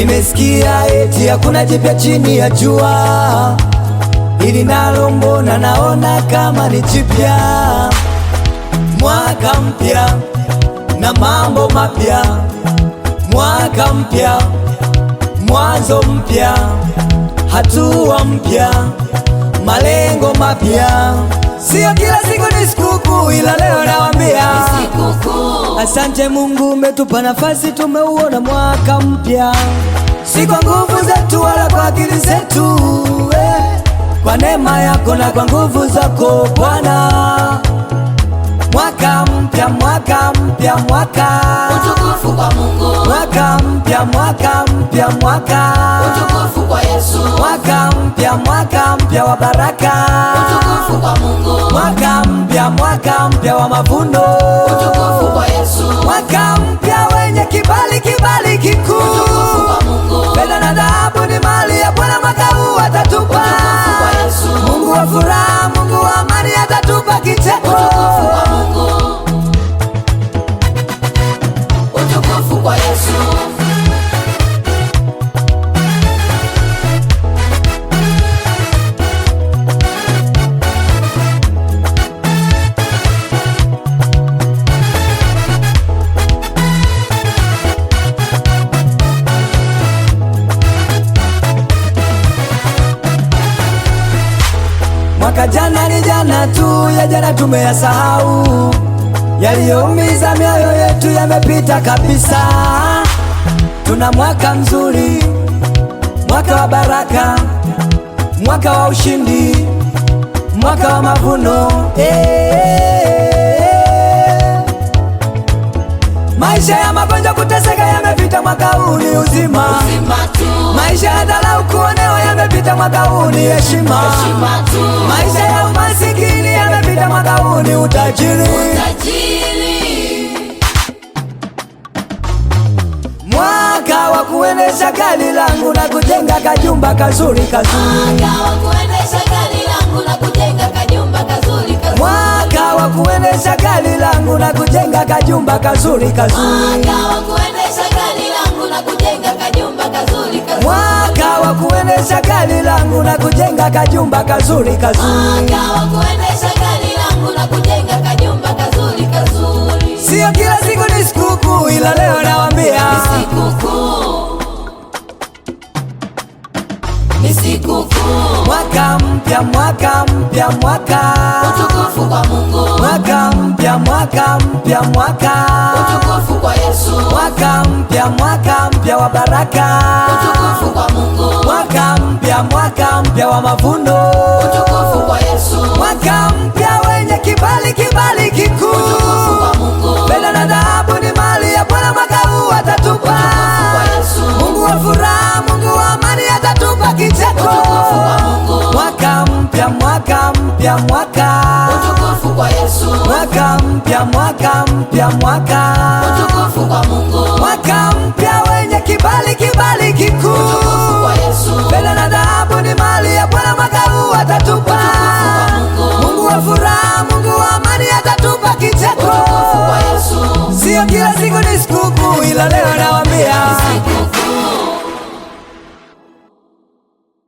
Nimesikia eti hakuna jipya chini ya jua, ili nalo mbona naona kama ni jipya. Mwaka mpya na mambo mapya, mwaka mpya, mwanzo mpya, hatua mpya, malengo mapya. Sio kila siku ni sikukuu, ila leo nawambia Asante Mungu umetupa nafasi, tumeuona mwaka mpya, si kwa nguvu zetu wala kwa akili zetu eh. kwa neema yako na kwa nguvu zako Bwana. Mwaka mpya, mwaka mpya, mwaka utukufu kwa Mungu, mwaka mpya, mwaka mpya, mwaka Yesu. Mwaka mpya, mwaka mpya wa baraka, utukufu kwa Mungu. Mwaka mpya, mwaka mpya wa mavuno, utukufu kwa Yesu. Mwaka mpya wenye kibali kibali. Mwaka jana ni jana tu, ya jana tumeyasahau. Yaliyoumiza mioyo yetu yamepita kabisa. Tuna mwaka mzuri, mwaka wa baraka, mwaka wa ushindi, mwaka wa mavuno hey. Maisha ya magonjwa, kuteseka yamepita, mwaka huu ni uzima. Maisha ya dharau, kuonewa yamepita, mwaka huu ni heshima. Maisha ya umasikini yamepita, mwaka huu ni utajiri. Mwaka wa kuendesha gari langu na kujenga kajumba kazuri kazuri kujenga kajumba kazuri kazuri. Mwaka wa kuendesha gari langu na kujenga kajumba kazuri kazuri. Sio kila siku ni sikukuu, ila leo nawaambia Mwaka mpya, mwaka mpya, mwaka Mwaka mpya, mwaka mpya, mwaka utukufu kwa Yesu. Mwaka mpya, mwaka mpya wa baraka, utukufu kwa Mungu. Mwaka mpya, mwaka mpya wa mavuno, utukufu kwa Yesu. Mwaka mpya wenye kibali, kibali kikuu, Fedha na dhahabu ni mali ya Bwana, mwaka huu atatupa. Mungu wa furaha, Mungu wa amani, atatupa kicheko. Mwaka mpya, mwaka mpya, mwaka mpya, mwaka mpya, mwaka utukufu kwa Mungu, mwaka mpya wenye kibali, kibali kikuu